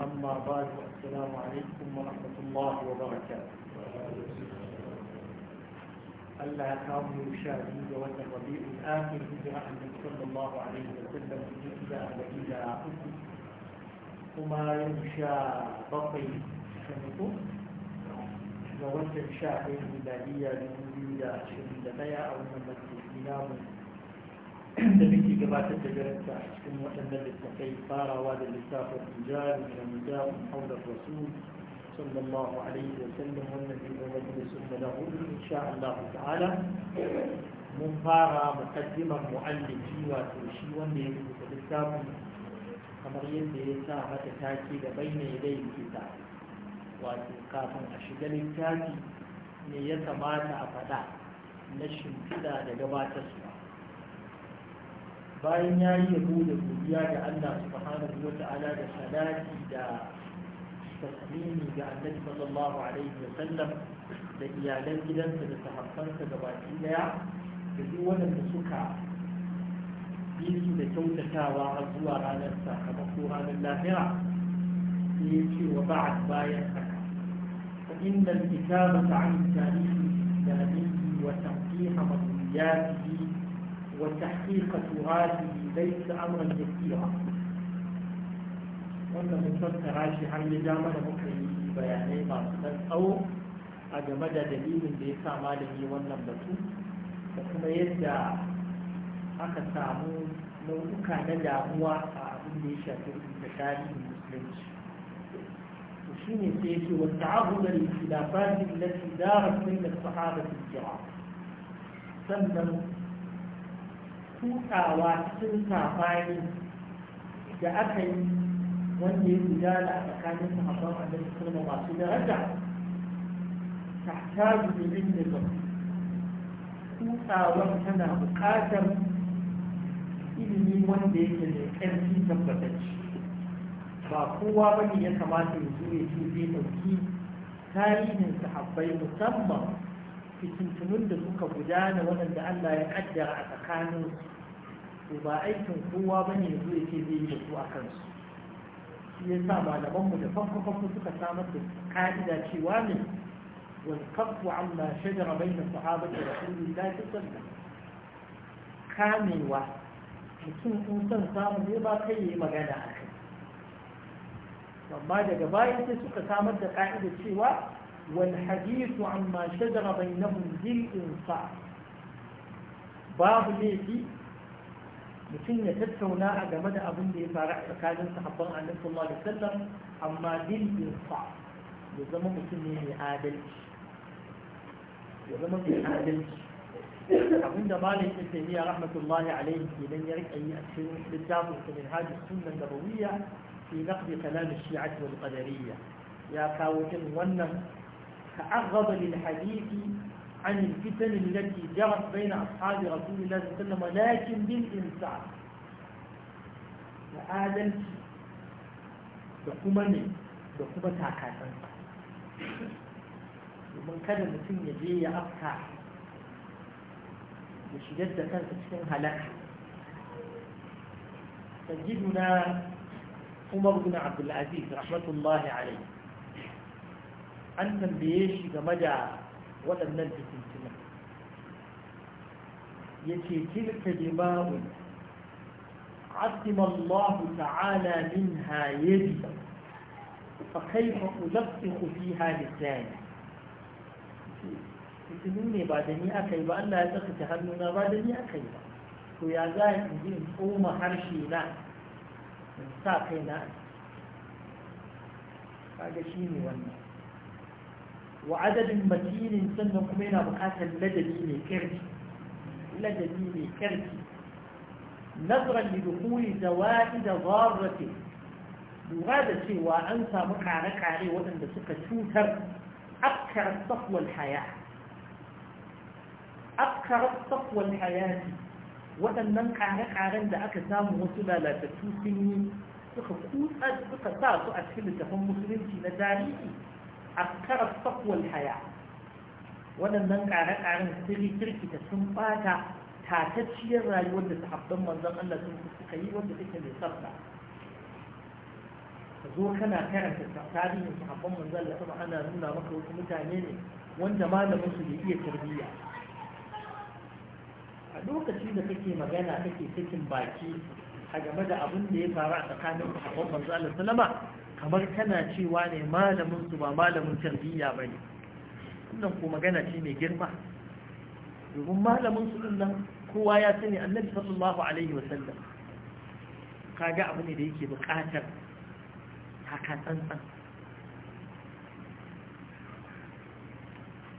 أما بعد السلام عليكم ورحمة الله وبركاته ألا كانوا يشاهدون وأن الربيع الآخر هجرة النبي صلى الله عليه وسلم إلى مدينة وما يمشى بطي شنطه ووجه شاهد ميلادية لمولد شهيد بيع أو من مسجد da muke gabatar da garanta a cikin waɗannan littafai farawa da littafin rijal min al-rijal hawla sallallahu alaihi wa sallam wannan ne da wani sunna da hudu insha Allah ta'ala mun fara muqaddimar mu'allifi wato shi wanda ya rubuta littafin kamar yadda ya sa mata take da bayyana yadda kita wato kafin a shiga littafi ne ya kamata a faɗa na shimfiɗa da gabatarwa bayan ya yi yabo da godiya ga Allah subhanahu wa ta'ala da salati da tasmini ga annabi sallallahu alaihi wa sallam da iyalan gidansa da sahabbansa ga baki daya da duk wanda suka yi su da kyautatawa har zuwa ranar sakamako ranar lahira sai ya ce wa ba'ad bayan haka fa innal kitabata an tarihi da nabi wa tanqiha mas'uliyatihi وتحقيق تراثه ليس أمرا يسيرا wannan mun shi har ya ja mana muka yi bayanai masu ɗan tsawo a game da dalilin da ya sa malami wannan batu da kuma yadda aka samu nau'uka na damuwa a abin da ya shafi da tarihin musulunci to shi ne sai yake wa ta'ahuda da khilafatin lati darat min da sahara al-kiram sannan tutawa cikin safari da aka yi wanda ya da a tsakanin sahabban annabi sallama masu daraja Ta ilin da zama tutawa tana bukatar ilimi wanda yake da ƙarfi tabbatacci ba kowa ba ne ya kamata ya zo ya ce zai ɗauki tarihin sahabbai musamman fitintunun da suka gudana waɗanda Allah ya ƙaddara a tsakanin to ba aikin kowa ba ne zuwa ke zai yi da su a kansu shi ya sa malamanmu da farko suka samar da ka'ida cewa ne والكف عما شجر بين الصحابة رسول الله صلى الله عليه وسلم kamewa? mutum in son samu ne ba kai yi magana a kai amma daga bayan sai suka samar da ka'ida cewa والحديث عما شجر بينهم بالإنصاف باب ليتي mutum ya tattauna a game da abin da ya faru a tsakanin sahabban annabi sallallahu alaihi wasallam amma dil insa ya zama mutum ne mai adalci ya zama mai adalci abin da malam ibn taymiya rahmatullahi alaihi idan ya rika yi a cikin littafin sa min hadis sunnah nabawiyya fi naqd kalam ash-shi'ah wal qadariyya ya kawo irin wannan تعرض للحديث عن الفتن التي جرت بين أصحاب رسول الله صلى الله عليه وسلم لكن بالإنسان لآدم بقومه دقوما تاكاسا ومن كان متن يجي مش يشجد كان تشكين هلاك سيدنا عمر بن عبد العزيز رحمة الله عليه an tambaye shi game da waɗannan fitintuna ya ce tilka dima'un عظم الله تعالى منها يدي فكيف ألفق فيها لساني mutum ne ba da ni aka yi ba Allah ya tsakata hannuna ba da ni aka yi ba to ya za a in ji in tsoma harshe na sa kai na kaga shi ne wannan wa adadin matinin sannan kuma yana bukatar ladabi mai kirki ladabi mai kirki nazarar da dukuli zawadi da zarrafe lura da cewa an samu kare-kare waɗanda suka cutar afkar safwal haya afkar safwal hayati waɗannan kare-karen da aka samu wasu lalatattu sun yi suka kutsa suka sa su a cikin littafin musulunci na tarihi akara sakwal haya waɗannan ƙare-ƙaren sirri kirkita sun ɓata tatacciyar rayuwar da sahabban manzon Allah sun suka yi wanda take mai ka zo kana karanta tarihin sahabban manzon Allah sama ana nuna maka wasu mutane ne wanda malamin su bai iya tarbiyya a lokacin da kake magana kake cikin baki a game da abin da ya faru a tsakanin sahabban manzon Allah sallama kamar kana cewa ne malaminsu ba malamin tarbiyya ba ne wannan ko magana ce mai girma domin malaminsu su din nan kowa ya sani annabi sallallahu alaihi wasallam kaga abu ne da yake bukatar haka tsantsan adaba, sai ya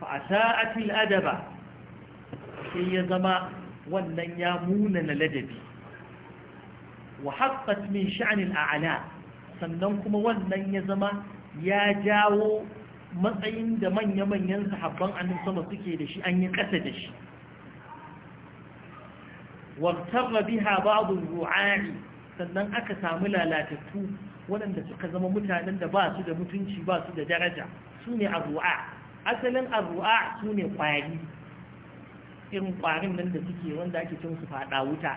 فأساءت الأدب هي زما ولن يامون لدبي وحقت من شأن الأعلى sannan kuma wannan ya zama ya jawo matsayin da manya-manyan sahabban annin sama suke da shi an yi ƙasa da shi Wartar rabiha babu ru'ari sannan aka samu lalatattu waɗanda suka zama mutanen da ba su da mutunci ba su da daraja su ne ru'a asalin ru'a su ne ƙwari irin ƙwarin nan da suke wanda ake cin su faɗa wuta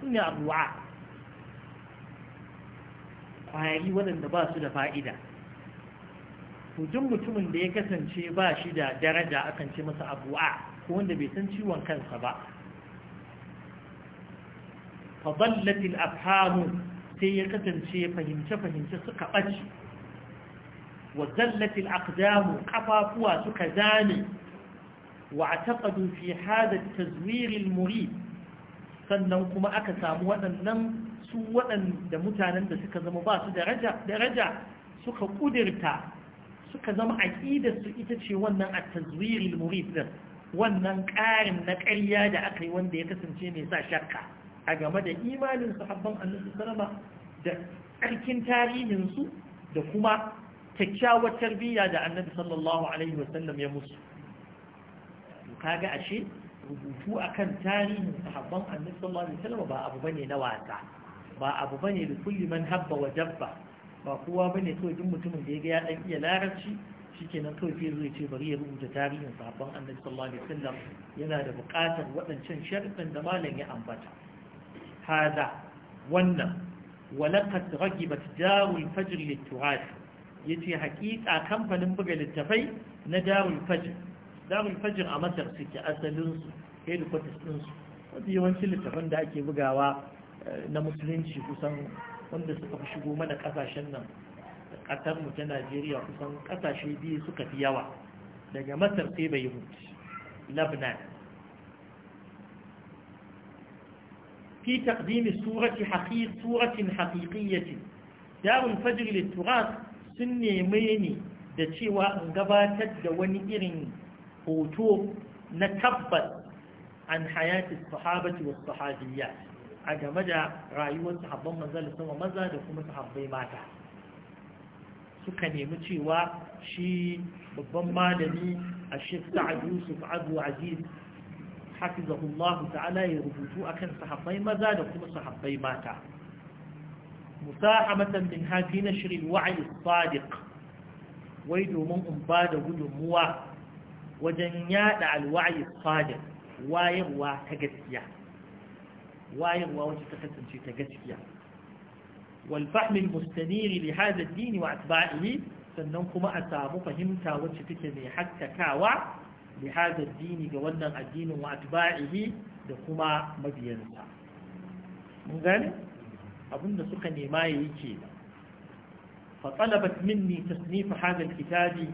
su ne ru'a ƙwayari waɗanda ba su da fa'ida duk mutumin da ya kasance ba shi da daraja akan ce masa abu'a ko wanda bai san ciwon kansa ba fadallatil afhamu sai ya kasance fahimce-fahimce suka ɓaci wa zallatil aqdamu kafafuwa suka zane wa ataqadu fi hada tazwiril murid sannan kuma aka samu waɗannan su waɗanda mutanen da suka zama ba su daraja suka ƙudirta suka zama aƙidar su ita ce wannan a tazwirin murid wannan ƙarin na ƙarya da aka yi wanda ya kasance mai sa shakka a game da imanin sahabban annabi sallama da tsarkin tarihin su da kuma kyakkyawar tarbiyya da annabi sallallahu alaihi wasallam ya musu kaga ashe rubutu akan tarihin sahabban annabi sallallahu alaihi wasallam ba abu bane na wasa ba abu ne da kulli man habba wa jabba ba kowa bane kawai duk mutumin da ya ga ya dan iya larabci shikenan kawai sai zai ce bari ya rubuta tarihin sabon annabi sallallahu alaihi wasallam yana da buƙatar waɗancan sharɗin da malam ya ambata hada wannan walaqad ragibat darul fajr lit-turaj yace haƙiƙa kamfanin buga littafai na darul fajr darul fajr a masar suke asalin su headquarters din su wanda yawancin littafan da ake bugawa na musulunci kusan wanda suka fi shigo mana kasashen nan kasar ta Najeriya kusan kasashe biyu suka fi yawa daga Masar sai bai hutu Lebanon في تقديم سورة حقيق سورة حقيقية دار الفجر للتراث da cewa in gabatar da wani irin hoto na tabbas an hayati sahabati wa sahabiyya a game da rayuwar sahabban manzon sama maza da kuma sahabbai mata suka nemi cewa shi babban malami a shek sa'ad yusuf abu aziz allahu ta'ala ya rubutu a kan sahabbai maza da kuma sahabbai mata musahamatan min hafi na shirin wa'ayi sadiq wai domin in ba da gudunmuwa wajen yada alwa'ayi sadiq wayarwa ta gaskiya wayarwa wacce ta kasance ta gaskiya wal fahmil mustaniri li hadha dini wa atba'ihi sannan kuma a samu fahimta wacce take mai hakkakawa li hadha dini ga wannan addinin wa atba'ihi da kuma mabiyansa mun gane abinda suka nema yayi ke fa talabat minni tasnif hadha al-kitabi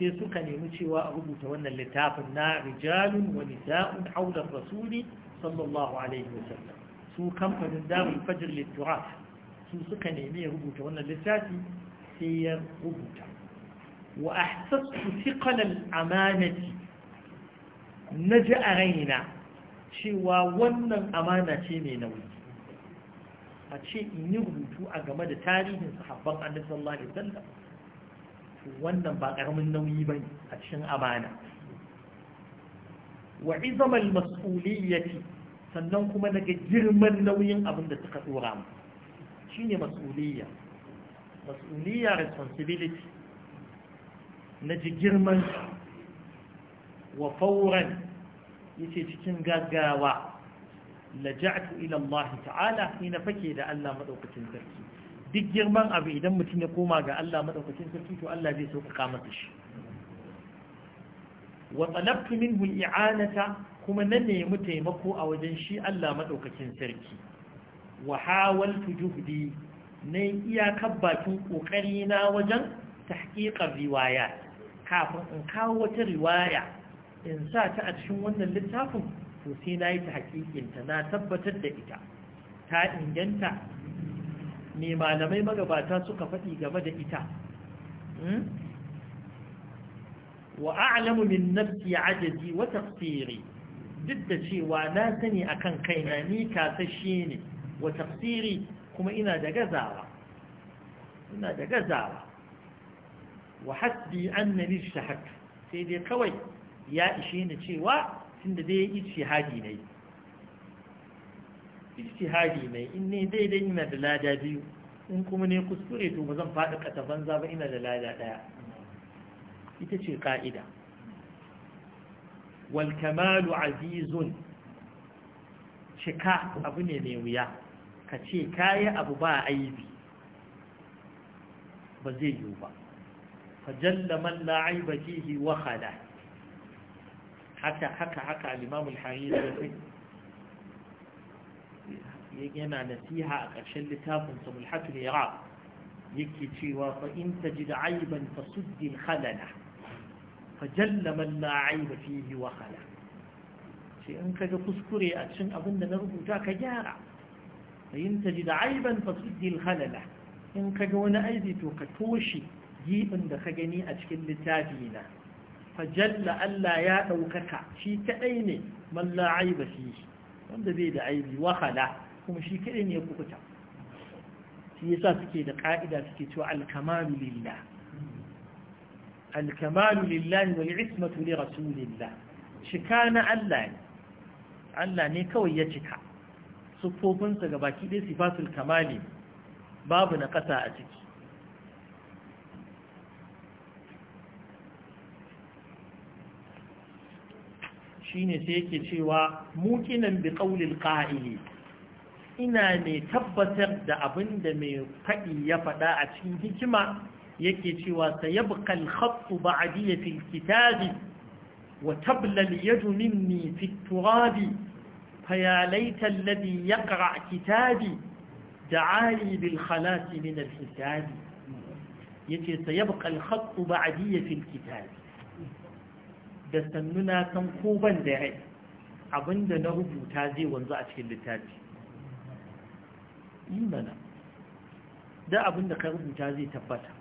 sai suka nemi cewa a rubuta wannan littafin na rijalun wa nisa'un hawla rasuli sallallahu alaihi wasallam su kamfanin darul fajr litturaf su suka nemi ya rubuta wannan littafi sai ya rubuta wa ahsassu thiqal al na ji a raina cewa wannan amana ce mai nauyi a ce in yi rubutu a game da tarihin sahabban annabi sallallahu alaihi wannan ba ƙaramin nauyi ne a cikin amana wa izamal mas'uliyyati sannan kuma daga girman nauyin abin da suka dora mu shine mas'uliyya mas'uliyya responsibility na ji girman wa fauran yace cikin gaggawa ja'tu ila Allah ta'ala ina fake da Allah madaukakin sarki duk girman abu idan mutum ya koma ga Allah madaukakin sarki to Allah zai sauka masa shi wa tsanabtu minhu i'anata kuma na nemi taimako a wajen shi Allah maɗaukakin sarki wa hawaltu juhdi na iyakar bakin kokari na wajen tahqiqar riwaya kafin in kawo wata riwaya in sa ta a cikin wannan littafin to sai na yi ta hakikinta na tabbatar da ita ta inganta Me malamai magabata suka faɗi gaba da ita hmm? wa a'lamu min nafsi ajazi wa duk da cewa na sani akan kaina ni kasashe ne wa kuma ina da gazawa ina da gazawa wa hasbi annabi sai dai kawai ya ishe ni cewa tunda dai ijtihadi ne ijtihadi ne in ne dai ina da lada biyu in kuma ne kuskure to ba zan faɗi kata banza ba ina da lada ɗaya ita ce ƙa'ida walkamalu azizun cika abu ne mai wuya ka ce kayi abu ba aibi ba zai yiwu ba fajalla man la'ai jihi wahala haka haka limamul hariri da yana nasiha a ƙarshen littafinsa mulhatul iraq yake cewa fa ji da aiban fa suddin halala fa jalla man la aiba fihi sai in kaga kuskure a cikin abin da na rubuta ka gyara in da aiban fa in kaga wani aibi to ka toshe gibin da ka gani a cikin littafi na fa jalla Allah ya ɗaukaka. shi kaɗai ne man la aiba wanda bai da aibi wahala. kuma shi kaɗai ne ya kukuta shi yasa suke da ka'ida suke cewa al-kamalu lillah alkamalu lillahi wal ismatu li rasulillah shika na Allah ne Allah ne kawai ya cika siffofinsa ga baki ɗaya sifatul kamali babu na ƙasa a ciki shine sai yake cewa mukinan bi qaulil qa'ili ina ne tabbatar da abin da mai faɗi ya faɗa a cikin hikima yake cewa sayabkal al-khattu ba'diyya fil kitabi wa tablal yadu minni fi turabi faya laita alladhi yaqra' kitabi da'ali bil khalas min al-hisabi yace sayabkal al-khattu ba'diyya fil kitabi da sannuna san ko ban da rai abinda na rubuta zai wanzu a cikin littafi imana da abinda ka rubuta zai tabbata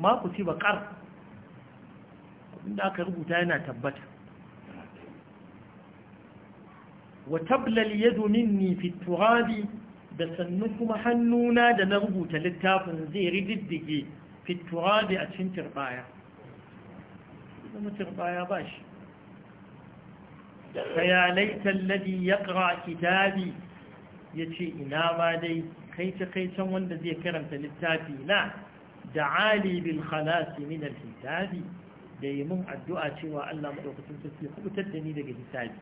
ma ku ci baƙar abinda aka rubuta yana tabbata wa tablal yadu minni fi turabi da sannu kuma hannuna da na rubuta littafin zai rididdige fi turabi a cikin turbaya Kuma turbaya ba shi ya ladi ya ƙara kitabi ya ce ina ma dai kai ta kai can wanda zai karanta littafi na da bil khalasi min al hisabi da yi mun addu'a cewa Allah madaukakin sarki kubutar da ni daga hisabi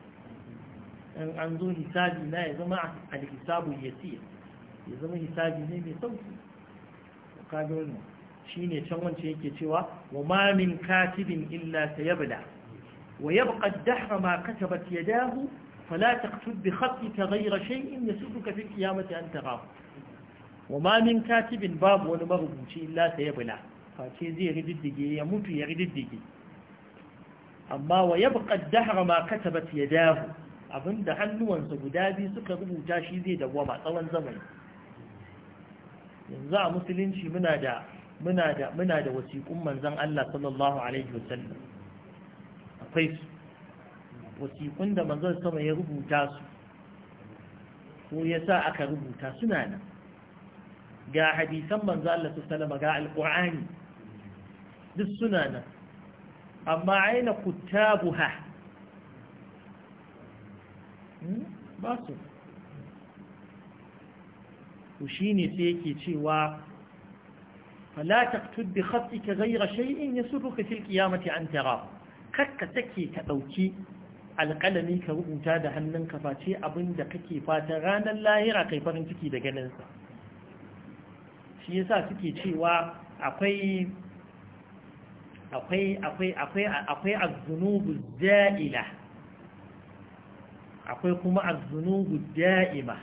in an zo hisabi na ya zama al hisabu yasir ya zama hisabi ne mai sauki ka ga wannan shine can wance yake cewa wa ma min katibin illa sayabla wa yabqa ad-dahra ma katabat yadahu fala taqtud bi khatika ghayra shay'in yasudduka fi qiyamati an tarahu wa ma min katibin babu wani marubuci illa sai ya bula face zai rididdige ya mutu ya rididdige amma wa yabqa ad-dahr ma katabat yadahu abinda hannuwansa guda biyu suka rubuta shi zai dawwama tsawon zamani yanzu a musulunci muna da muna da muna da wasiƙun manzon Allah sallallahu alaihi wasallam akwai wasiƙun da manzon sama ya rubuta su ko ya sa aka rubuta suna nan ga hadisan manzo Allah sallama ga alqur'ani duk suna amma aina kuttabuha hmm? ba su to sai yake cewa fala taqtud bi khatika ghayra shay'in yasuruka fil qiyamati an tara kakka take ka ɗauki alƙalami ka rubuta da hannunka face da kake fata ranar lahira kai farin ciki da ganinsa shi yasa suke cewa akwai akwai akwai akwai akwai az-zunubu da'ila akwai kuma az-zunubu da'ima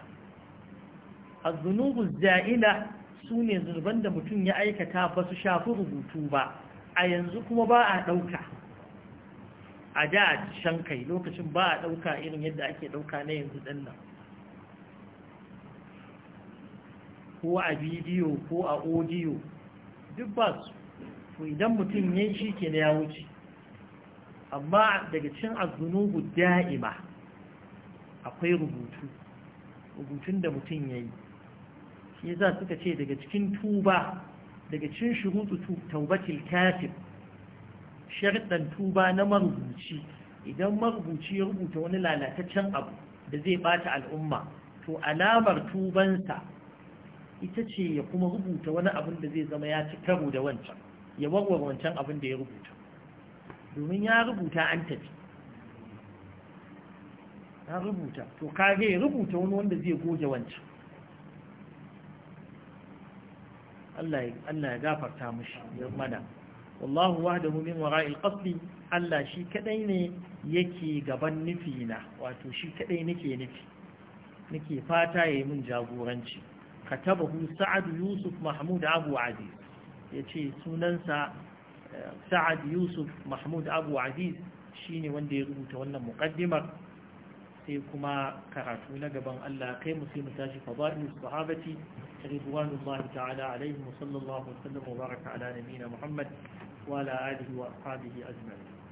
az-zunubu da'ila sune zunuban da mutum ya aikata ba su shafi rubutu ba a yanzu kuma ba a dauka a da shan kai lokacin ba a dauka irin yadda ake dauka na yanzu dinnan ko a bidiyo ko a odiyo, duk ba su idan mutum ya shi ke ya wuce amma daga cin azunubu da'ima akwai rubutu rubutun da mutum ya yi shi za suka ce daga cikin tuba daga cin shirutu taubatil kafin sharɗan tuba na marubuci idan marubuci ya rubuta wani lalataccen abu da zai bata al'umma to alamar tubansa ita ce ya kuma rubuta wani abin da zai zama ya ci karo da wancan ya warware wancan abin da ya rubuta domin ya rubuta an tafi ya rubuta to kage ya rubuta wani wanda zai goge wancan Allah ya gafarta mushi ya mana wallahu wahdahu min wara'il qasdi Allah shi kadai ne yake gaban nufi na wato shi kadai nake nufi nake fata yayi min jagoranci katabahu sa'ad yusuf mahmud abu aziz ya ce sunansa sa'ad yusuf mahmud abu aziz shine wanda ya rubuta wannan muƙaddimar sai kuma karatu na gaban Allah kai mu sai tashi fadailu sahabati ridwanullahi ta'ala alaihim sallallahu wa sallam wa baraka ala nabiyina muhammad wa ala alihi wa ashabihi ajma'in